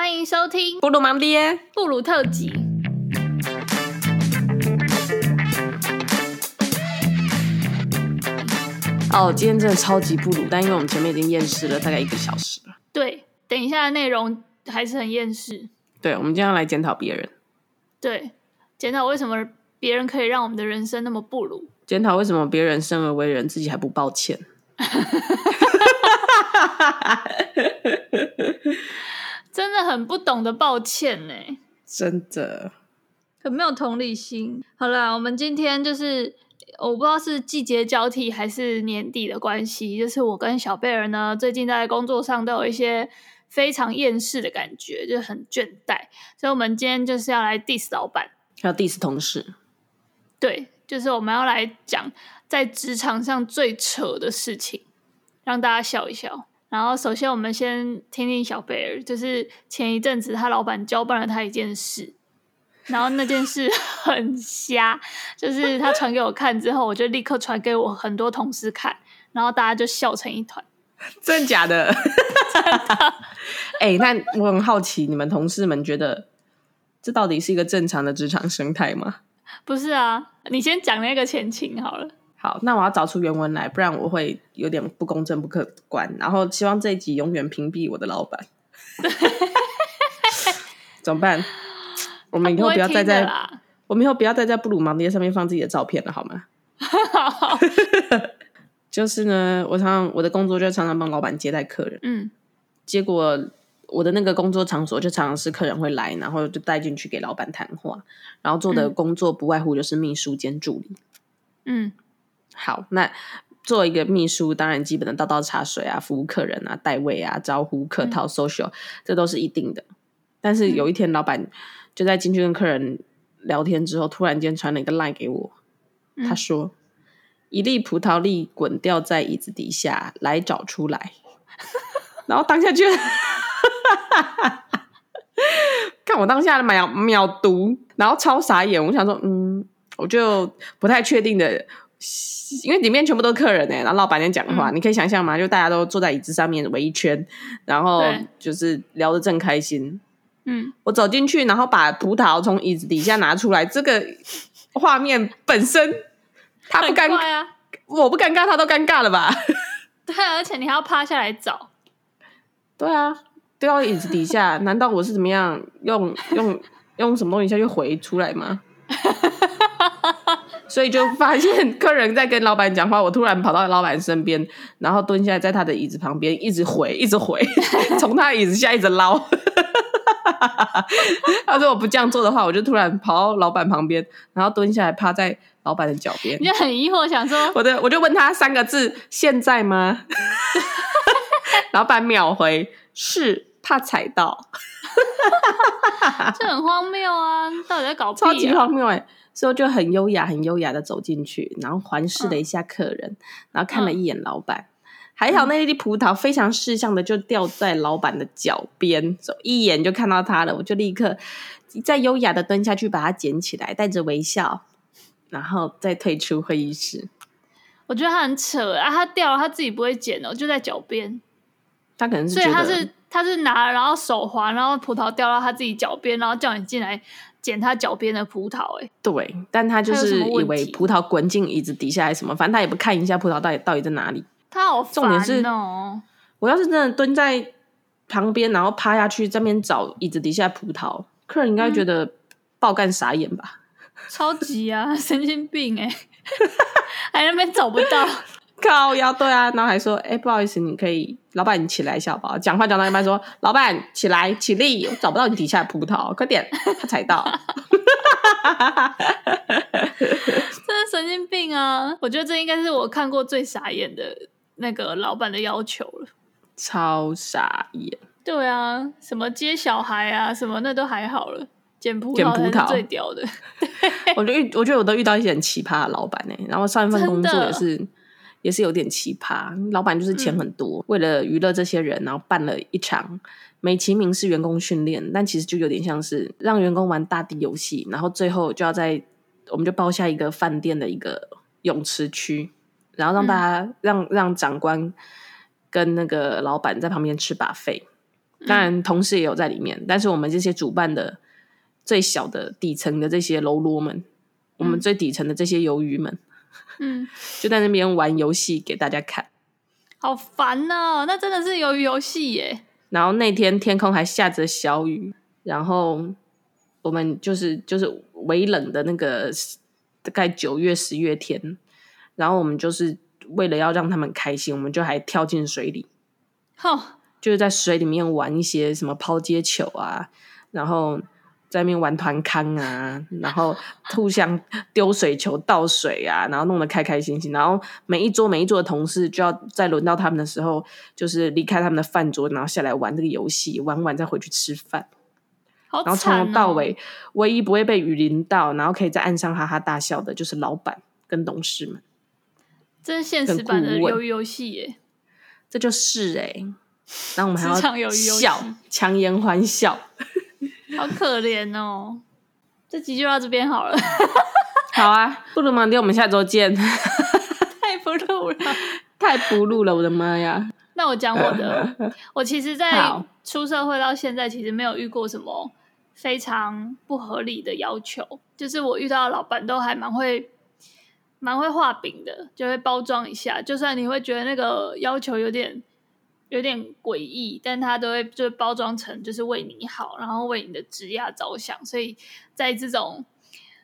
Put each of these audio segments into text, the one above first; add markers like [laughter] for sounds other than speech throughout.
歡迎收聽布魯蒙爹布魯特輯。哦，今天真的超級布魯，但因為我們前面已經厭世，了大概一個小時了。對，等一下的內容還是很厭世。對，我們今天要來檢討別人。對，檢討為什麼別人可以讓我們的人生那麼布魯？檢討為什麼別人生而為人，自己還不抱歉？ [laughs] [laughs] 真的很不懂得抱歉呢，真的，很沒有同理心。好啦，我們今天就是我不知道是季節交替還是年底的關係，就是我跟小貝兒呢，最近在工作上都有一些非常厭世的感覺，就很倦怠。所以，我們今天就是要來 diss 老板，要 diss 同事。對，就是我們要來講在職場上最扯的事情，讓大家笑一笑。然後，首先我們先聽聽小貝爾，就是前一陣子他老板交辦了他一件事，然後那件事很瞎，就是他傳給我看之後，我就立刻傳給我很多同事看，然後大家就笑成一團。真的假的？哎 [laughs] 真的，那、 [laughs] 欸、我很好奇，你們同事們覺得這到底是一個正常的職場生態嗎？不是啊，你先講那個前情好了。好，那我要找出原文來，不然我會有點不公正，不客觀。然後希望這一集永遠屏蔽我的老板， [laughs] [laughs] [laughs] 怎麼辦？我們以後不要再在我們以後不要再在布魯芒爹上面放自己的照片了，好嗎？ [laughs] 好好 [laughs] 就是呢，我常，常我的工作就常常幫老板接待客人，嗯，結果我的那個工作場所就常常是客人會來，然後就帶進去給老板談話，然後做的工作不外乎就是秘書兼助理，嗯。嗯好，那做一個秘書，當然基本的倒倒茶水啊，服務客人啊，帶位啊，招呼客套、嗯、，social，這都是一定的。但是有一天，老闆就在進去跟客人聊天之後，突然間傳了一個 line 給我，他說：“嗯、一粒葡萄粒滾掉在椅子底下，來找出來。 [laughs] ” [laughs] 然後當下就， [laughs] 看我當下的秒秒讀，然後超傻眼。我想說，嗯，我就不太確定的。因為裡面全部都是客人呢、欸，然後老闆娘講的話、嗯，你可以想象嗎？就大家都坐在椅子上面圍一圈，然後就是聊得正開心。嗯，我走進去，然後把葡萄從椅子底下拿出來，這個畫面本身，他不尷尬，呀、啊？我不尷尬，他都尷尬了吧？對，而且你還要趴下來找。 [laughs] 對啊，掉到椅子底下， [laughs] 難道我是怎麼樣用用用、用什麼東西下去回出來嗎？ [laughs] 所以就發現客人在跟老板講話，我突然跑到老板身邊，然後蹲下來在他的椅子旁邊，一直回，一直回，從他的椅子下一直撈。 [laughs] [laughs] 他說我不這樣做的話，我就突然跑到老板旁邊，然後蹲下來趴在老板的腳邊。你就很疑惑，想說，我的，我就問他三個字：現在嗎？ [laughs] 老板秒回：是，怕踩到。這 [laughs] [laughs] 很荒謬啊！到底在搞屁啊？超級荒謬欸之後就很優雅、很優雅的走進去，然後環視了一下客人、嗯，然後看了一眼老板、嗯。還好那一粒葡萄非常識相的就掉在老板的腳邊，一眼就看到他了。我就立刻再優雅的蹲下去把它撿起來，帶着微笑，然後再退出會議室。我覺得他很扯啊！他掉了，他自己不會撿哦，就在腳邊。他可能是所以他是他是拿然後手滑，然後葡萄掉到他自己腳邊，然後叫你進來。撿他腳邊的葡萄、欸，哎，對，但他就是以為葡萄滾進椅子底下還是什麼，反正他也不看一下葡萄到底到底在哪裡。他好煩、喔，重點是哦，我要是真的蹲在旁邊，然後趴下去這邊找椅子底下葡萄，客人應該覺得、嗯、爆幹傻眼吧？超級啊，神經病哎、欸， [laughs] 還在那邊找不到，靠腰，對啊，然後還說哎、欸，不好意思，你可以。老闆，你起來一下吧！講話講到一半說：“ [laughs] 老闆，起來，起立！我找不到你底下的葡萄，快點，他踩到。 [laughs] ” [laughs] [laughs] 真的神經病啊！我覺得這應該是我看過最傻眼的那個老闆的要求了。超傻眼！對啊，什麼接小孩啊，什麼那都還好了，撿葡萄，撿葡萄最屌的。 [laughs] 我覺得，我覺得我都遇到一些很奇葩的老闆呢、欸。然後上一份工作也是。也是有點奇葩，老闆就是錢很多，嗯，為了娛樂這些人，然後辦了一場美其名是員工訓練，但其實就有點像是讓員工玩大地遊戲，然後最後就要在，我們就包下一個飯店的一個泳池區，然後讓大家，嗯，讓讓長官跟那個老闆在旁邊吃 buffet。當然同事也有在裡面，嗯，但是我們這些主辦的最小的底層的這些嘍囉們，嗯，我們最底層的這些魷魚們。嗯，就在那邊玩遊戲給大家看，好煩哦、喔。那真的是魷魚遊戲耶。然後那天天空還下着小雨，然後我們就是就是微冷的那個大概九月十月天，然後我們就是為了要讓他們開心，我們就還跳進水裡，好、哦，就是在水裡面玩一些什麼拋接球啊，然後。在外面玩團康啊，然後互相丟水球、 [laughs] 倒水啊，然後弄得開開心心。然後每一桌每一桌的同事就要在輪到他們的時候，就是離開他們的飯桌，然後下來玩這個遊戲，玩完再回去吃飯。好、哦，然後從頭到尾唯一不會被雨淋到，然後可以在岸上哈哈大笑的，就是老闆跟董事們。這是現實版的魷魚遊戲耶！這就是哎、欸，然後我們還要笑，強顏歡笑。好可憐哦，這集就到這邊好了。 [laughs] 好啊，Blue Mondad，我們下周見。 [laughs] 太不露了，太不露了，我的媽呀！那我講我的， [laughs] 我其實，在出社會到現在，其實沒有遇過什麼非常不合理的要求。就是我遇到的老闆，都還蠻會，蠻會畫餅的，就會包裝一下。就算你會覺得那個要求有點。有點詭異，但他都會就包裝成，就是為你好，然後為你的職業着想。所以在這種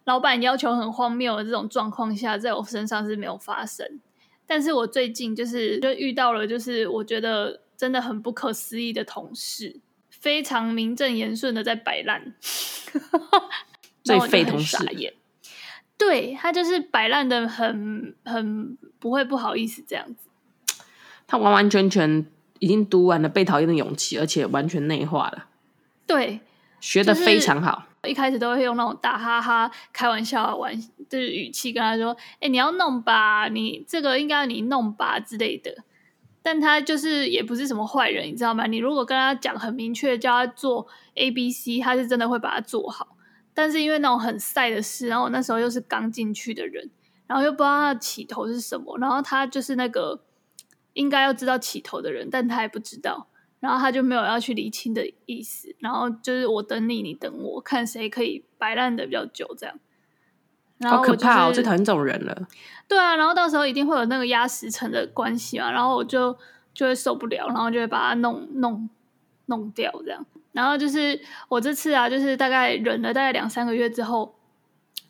老闆要求很荒謬的這種狀況下，在我身上是沒有發生。但是我最近就是就遇到了，就是我覺得真的很不可思議的同事，非常名正言順的在擺爛。 [laughs] 最非同事，傻眼對，他就是擺爛的，很很不會不好意思這樣子，他完完全全。已經讀完了《被討厭的勇氣》，而且完全內化了，對，學得非常好。就是、一開始都會用那種大哈哈開玩笑的玩的、就是、語氣跟他說：“哎、欸，你要弄吧，你這個應該你弄吧之類的。”但他就是也不是什麼壞人，你知道嗎？你如果跟他講很明確，叫他做 A、B、C，他是真的會把它做好。但是因為那種很曬的事，然後我那時候又是剛進去的人，然後又不知道他的起頭是什麼，然後他就是那個。應該要知道起頭的人，但他還不知道，然後他就沒有要去釐清的意思，然後就是我等你，你等我，看誰可以擺爛的比較久這樣。然後我就是，好可怕哦，最討厭這種人了。對啊，然後到時候一定會有那個壓時程的關係嘛，然後我就就會受不了，然後就會把它弄弄弄掉這樣。然後就是我這次啊，就是大概忍了大概兩三個月之後。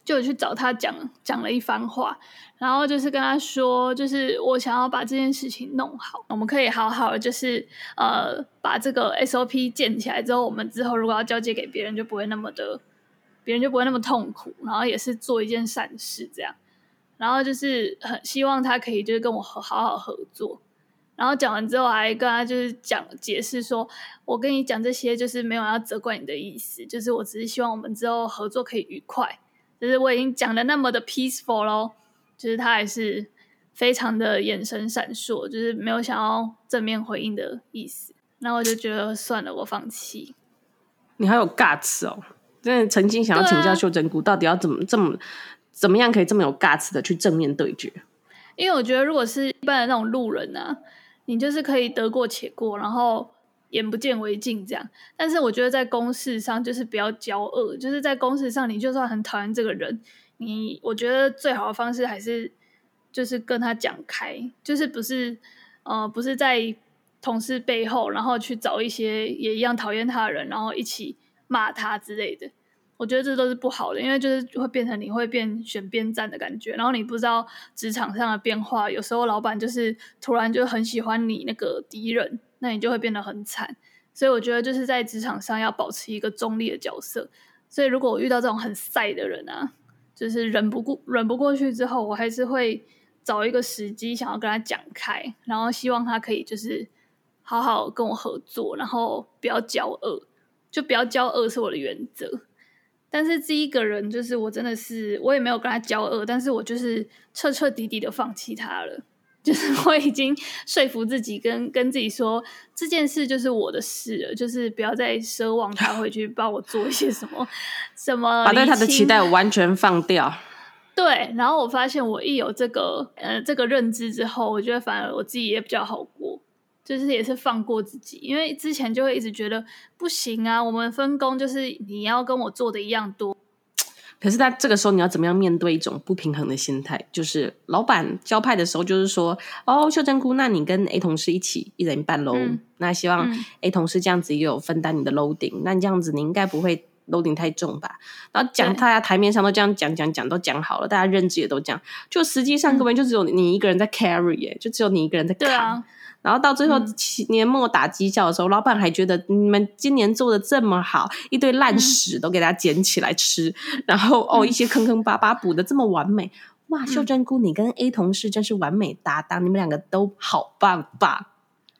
就去找他講講了一番話，然後就是跟他說，就是我想要把這件事情弄好，我們可以好好的就是呃把這個 SOP 建起來之後，我們之後如果要交接給別人，就不會那麼的，別人就不會那麼痛苦，然後也是做一件善事這樣，然後就是很希望他可以就是跟我好好好合作。然後講完之後，還跟他就是講解釋說，我跟你講這些就是沒有要責怪你的意思，就是我只是希望我們之後合作可以愉快。其實我已經講的那麼的 peaceful 嘍，就是他還是非常的眼神閃爍，就是沒有想要正面回應的意思。然後我就覺得算了，我放棄。你還有 guts 哦，真的曾經想要請教修正谷到底要怎麼、啊、這麼怎麼樣可以這麼有 guts 的去正面對決？因為我覺得如果是一般的那種路人啊，你就是可以得過且過，然後。眼不見為淨，這樣。但是我覺得在公事上就是不要交惡，就是在公事上你就算很討厭這個人，你我覺得最好的方式還是就是跟他講開，就是不是呃不是在同事背後，然後去找一些也一樣討厭他的人，然後一起罵他之類的。我覺得這都是不好的，因為就是會變成你會變選邊站的感覺，然後你不知道職場上的變化，有時候老闆就是突然就很喜歡你那個敵人。那你就會變得很慘，所以我覺得就是在職場上要保持一個中立的角色。所以如果我遇到這種很賽的人啊，就是忍不過、忍不過去之後，我還是會找一個時機，想要跟他講開，然後希望他可以就是好好跟我合作，然後不要交惡，就不要交惡是我的原則。但是這一個人就是我真的是我也沒有跟他交惡，但是我就是徹徹底底的放棄他了。就是我已經說服自己跟、跟、跟自己說這件事就是我的事了，就是不要再奢望他會去幫我做一些什麼， [laughs] 什麼把對他的期待我完全放掉。對，然後我發現我一有這個呃這個認知之後，我覺得反而我自己也比較好過，就是也是放過自己，因為之前就會一直覺得不行啊，我們分工就是你要跟我做的一樣多。可是他這個時候，你要怎麼樣面對一種不平衡的心態？就是老闆交派的時候，就是說，哦，秀珍菇，那你跟 A 同事一起一人一半嘍、嗯、那希望 A 同事這樣子也有分擔你的 loading。那你這樣子你應該不會 loading 太重吧？然後講，大家台面上都這樣講講講，都講好了，大家認知也都講，就實際上各位就只有你一個人在 carry 耶、欸嗯，就只有你一個人在扛，欸。然後到最後年末打績效的時候、嗯，老闆還覺得你們今年做的這麼好，一堆爛屎都給他撿起來吃。嗯、然後哦，一些坑坑巴巴補的這麼完美，哇，嗯、秀珍菇，你跟 A 同事真是完美搭檔，嗯、你們兩個都好棒棒。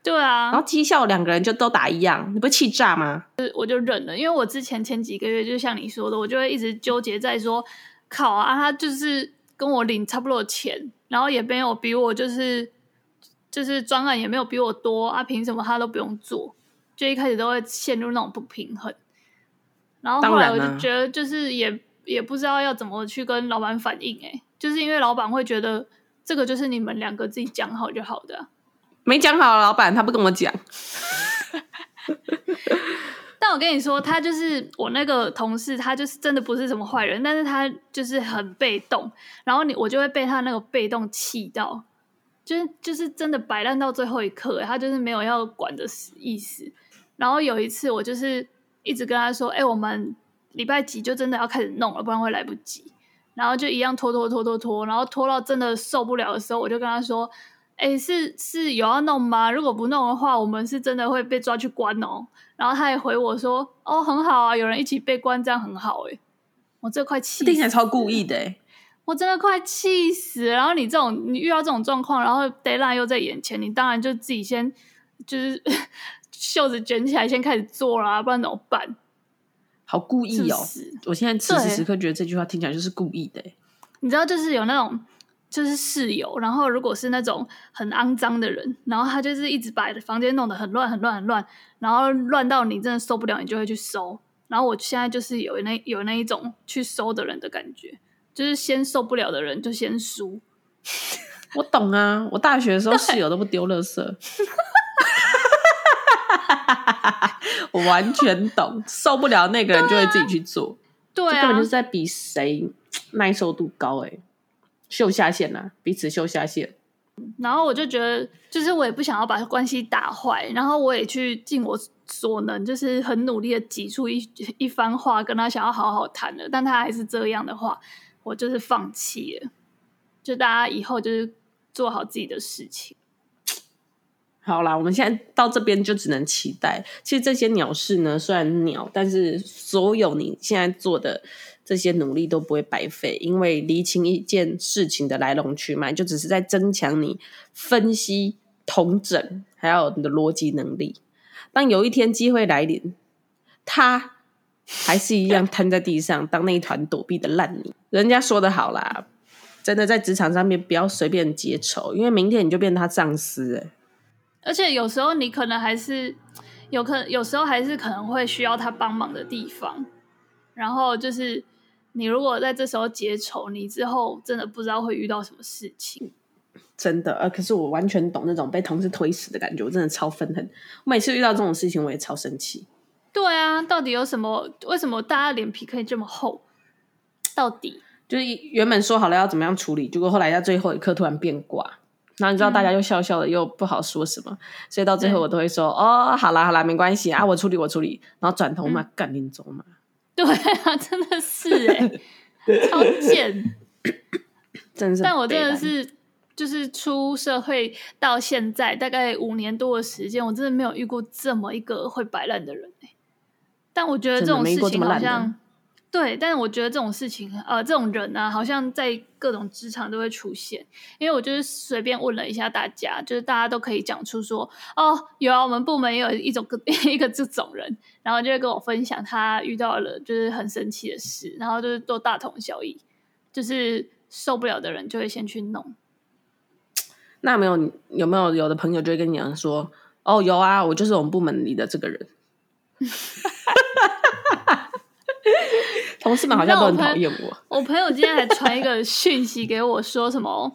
對啊，然後績效兩個人就都打一樣，你不氣炸嗎？我就忍了，因為我之前前幾個月就像你說的，我就會一直糾結在說，靠啊，啊，他就是跟我領差不多錢，然後也沒有比我就是。就是專案也沒有比我多啊，憑什麼他都不用做？就一開始都會陷入那種不平衡。然後後來我就覺得，就是也、啊、也不知道要怎麼去跟老闆反映、欸。誒就是因為老闆會覺得這個就是你們兩個自己講好就好的、啊，沒講好老闆，老闆他不跟我講。 [laughs] [laughs] [laughs] 但我跟你說，他就是我那個同事，他就是真的不是什麼壞人，但是他就是很被動，然後你我就會被他那個被動氣到。就是就是真的擺爛到最後一刻、欸，他就是沒有要管的意思。然後有一次，我就是一直跟他說：“哎、欸，我們禮拜幾就真的要開始弄了，不然會來不及。”然後就一樣拖拖拖拖拖，然後拖到真的受不了的時候，我就跟他說：“哎、欸，是是有要弄嗎？如果不弄的話，我們是真的會被抓去關哦、喔。”然後他也回我說：“哦，很好啊，有人一起被關，這樣很好誒、欸、我這塊氣，聽起來超故意的誒、欸我真的快氣死！然後你這種，你遇到這種狀況，然後 deadline 又在眼前，你當然就自己先就是袖子捲起來，先開始做啦、啊。不然怎麼辦？好故意哦！我現在此時此刻覺得這句話聽起來就是故意的。你知道，就是有那種，就是室友，然後如果是那種很骯髒的人，然後他就是一直把房間弄得很亂、很亂、很亂，然後亂到你真的受不了，你就會去收。然後我現在就是有那有那一種去收的人的感覺。就是先受不了的人就先輸。 [laughs] 我懂啊，我大學的時候室友都不丟垃圾。 [laughs] [laughs] 我完全懂，受不了那個人就會自己去做。對、啊，對啊、這根本就是在比誰耐受度高誒、欸、秀下限啊，彼此秀下限。然後我就覺得，就是我也不想要把關係打壞，然後我也去盡我所能，就是很努力的擠出一一番話跟他想要好好談的，但他還是這樣的話，我就是放棄了，就大家以後就是做好自己的事情。好啦，我們現在到這邊就只能期待。其實這些鳥事呢，雖然鳥，但是所有你現在做的這些努力都不會白費，因為釐清一件事情的來龍去脈，就只是在增強你分析、統整還有你的邏輯能力。當有一天機會來臨，它還是一樣癱在地上， [laughs] 當那一團躲避的爛泥。人家說的好啦，真的在職場上面不要隨便結仇，因為明天你就變成他上司耶。而且有時候你可能還是有可，有時候還是可能會需要他幫忙的地方。然後就是你如果在這時候結仇，你之後真的不知道會遇到什麼事情。嗯，真的呃，可是我完全懂那種被同事推死的感覺，我真的超憤恨。我每次遇到這種事情，我也超生氣。對啊，到底有什麼？為什麼大家的臉皮可以這麼厚？到底？就是原本說好了要怎麼樣處理，結果後來在最後一刻突然變卦，然後你知道大家又笑笑的，又不好說什麼，嗯，所以到最後我都會說：“哦，好啦好啦，沒關係啊，我處理我處理。”然後轉頭嘛，趕、嗯、緊走嘛。對啊，真的是哎、欸， [laughs] 超賤賤。 [laughs] 真是，但我真的是就是出社會到現在大概五年多的時間，我真的沒有遇過這麼一個會擺爛的人。但我覺得這種事情好像對，但是我覺得這種事情呃，這種人呢、啊，好像在各種職場都會出現。因為我就是隨便問了一下大家，就是大家都可以講出說哦，有啊，我們部門也有一種一個這種人，然後就會跟我分享他遇到了就是很神奇的事，然後就是做大同小異，就是受不了的人就會先去弄。那沒有有沒有有的朋友就會跟你講說哦，有啊，我就是我們部門裡的這個人。 [laughs] [laughs] 同事們好像都很討厭我，我。 [laughs] 我朋友今天還傳一個訊息給我說什麼？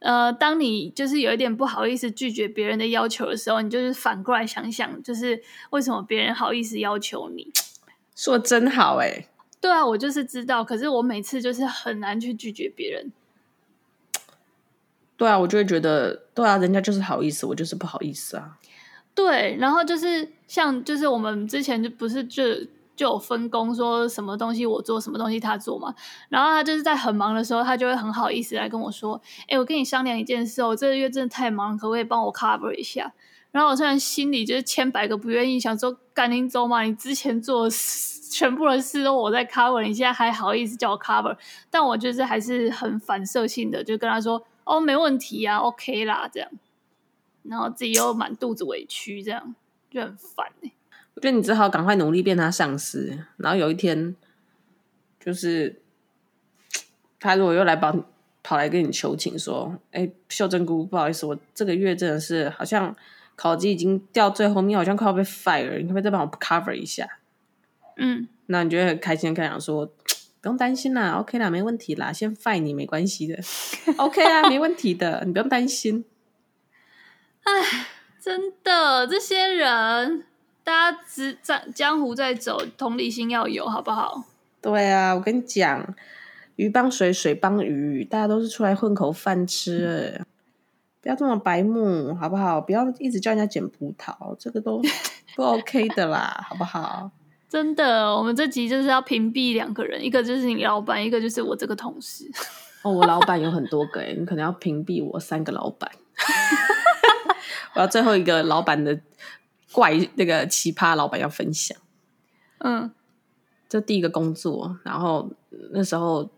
呃，當你就是有一點不好意思拒絕別人的要求的時候，你就是反過來想想，就是為什麼別人好意思要求你？說真好哎，欸！對啊，我就是知道，可是我每次就是很難去拒絕別人。對啊，我就會覺得，對啊，人家就是好意思，我就是不好意思啊。對，然後就是像，就是我們之前就不是就。就有分工，說什麼東西我做，什麼東西他做嘛。然後他就是在很忙的時候，他就會很好意思來跟我說：“哎，我跟你商量一件事，我這個月真的太忙了，可不可以幫我 cover 一下？”然後我雖然心裡就是千百個不願意，想說趕緊走嘛，你之前做的事，全部的事都我在 cover，你現在還好意思叫我 cover？但我就是還是很反射性的就跟他說：“哦，沒問題啊，OK 啦，這樣。”然後自己又滿肚子委屈，這樣就很煩欸。我覺得你只好趕快努力變他上司，然後有一天，就是他如果又來跑跑來跟你求情說：“哎、欸，秀珍姑、姑，不好意思，我這個月真的是好像考績，已經掉最後面，好像快要被 fire，你可不可以再幫我 cover 一下？”嗯，那你就會很開心地跟他說，可以講說不用擔心啦，OK 啦，沒問題啦，先 fire 你沒關係的 [laughs] ，OK 啊，沒問題的，你不用擔心。哎， [laughs] 真的這些人。大家只在江湖在走，同理心要有，好不好？對啊，我跟你講，魚幫水，水幫魚，大家都是出來混口飯吃、嗯，不要這麼白目，好不好？不要一直叫人家剪葡萄，這個都不 OK 的啦， [laughs] 好不好？真的，我們這集就是要屏蔽兩個人，一個就是你老闆，一個就是我這個同事。哦，我老闆有很多個人， [laughs] 你可能要屏蔽我三個老闆， [laughs] [laughs] 我要最後一個老闆的。怪那個奇葩老板要分享，嗯，這第一個工作，然後那時候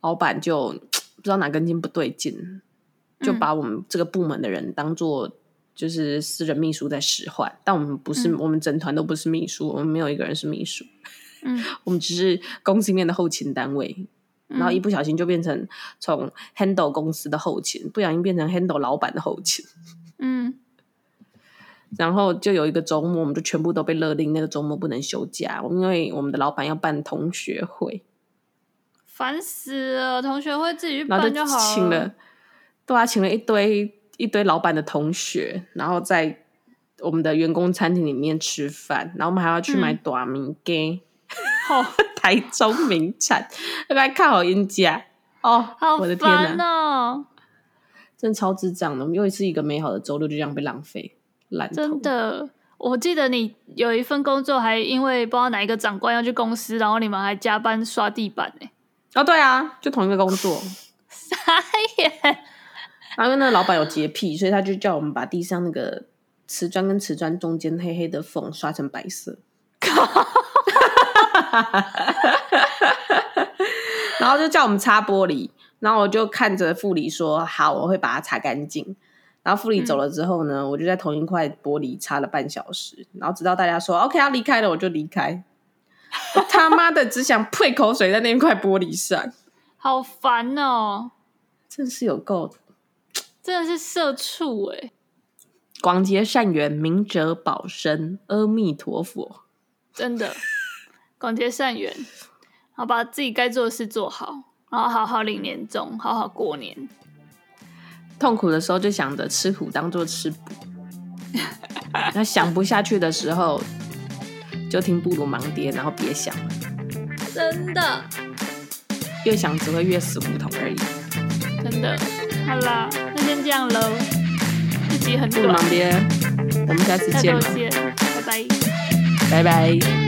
老板就不知道哪根筋不對勁、嗯，就把我們這個部門的人當做就是私人秘書在使喚，但我們不是，嗯、我們整團都不是秘書，我們沒有一個人是秘書，嗯、 [laughs] 我們只是公司裡面的後勤單位、嗯，然後一不小心就變成從 Handle 公司的後勤，不小心變成 Handle 老板的後勤。然後就有一個周末，我們就全部都被勒令那個周末不能休假，因為我們的老闆要辦同學會，煩死了！同學會自己去辦就好了，然後就請了。對啊，請了一堆一堆老闆的同學，然後在我們的員工餐廳裡面吃飯，然後我們還要去買大麵羹，哦、嗯， [laughs] 台中名產，要不 [laughs] 要 [laughs] 看好人家哦，好哦！我的天吶。真的超智障的！我們又一次一個美好的周六就這樣被浪費。真的，我記得你有一份工作，還因為不知道哪一個長官要去公司，然後你們還加班刷地板誒、欸。啊、哦，對啊，就同一個工作。 [laughs] 傻眼。然後那個老闆有潔癖，所以他就叫我們把地上那個瓷磚跟瓷磚中間黑黑的縫刷成白色。 [laughs] [laughs] 然後就叫我們擦玻璃，然後我就看着副理說：“好，我會把它擦乾淨。”然後副理走了之後呢，嗯、我就在同一塊玻璃擦了半小時，然後直到大家說、嗯、“OK，他離開了”，我就離開。 [laughs] 我他媽的只想呸口水在那一塊玻璃上，好煩哦、喔！真是有夠，真的是社畜哎！廣結善緣，明哲保身，阿彌陀佛。真的，廣結善緣， [laughs] 好，把自己該做的事做好，然後好好領年終，好好過年。痛苦的時候就想着吃苦當做吃補， [laughs] 那想不下去的時候就聽布魯忙爹，然後別想了。真的，越想只會越死胡同而已。真的，好啦，那先這樣嘍。一集很短。布魯忙爹，我們下次見了。下次見，拜拜。拜拜。